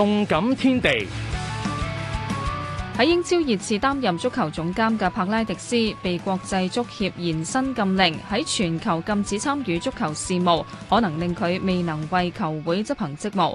動感天地。喺英超熱刺擔任足球總監嘅柏拉迪斯被國際足協延伸禁令，喺全球禁止參與足球事務，可能令佢未能為球會執行職務。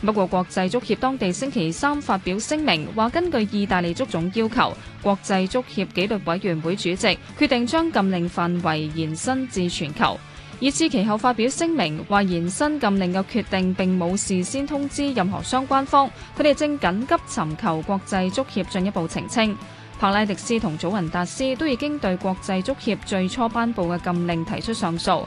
不過，國際足協當地星期三發表聲明，話根據意大利足總要求，國際足協紀律委員會主席決定將禁令範圍延伸至全球。熱刺其後發表聲明，話延伸禁令嘅決定並冇事先通知任何相關方，佢哋正緊急尋求國際足協進一步澄清。柏拉迪斯同祖雲達斯都已經對國際足協最初頒布嘅禁令提出上訴。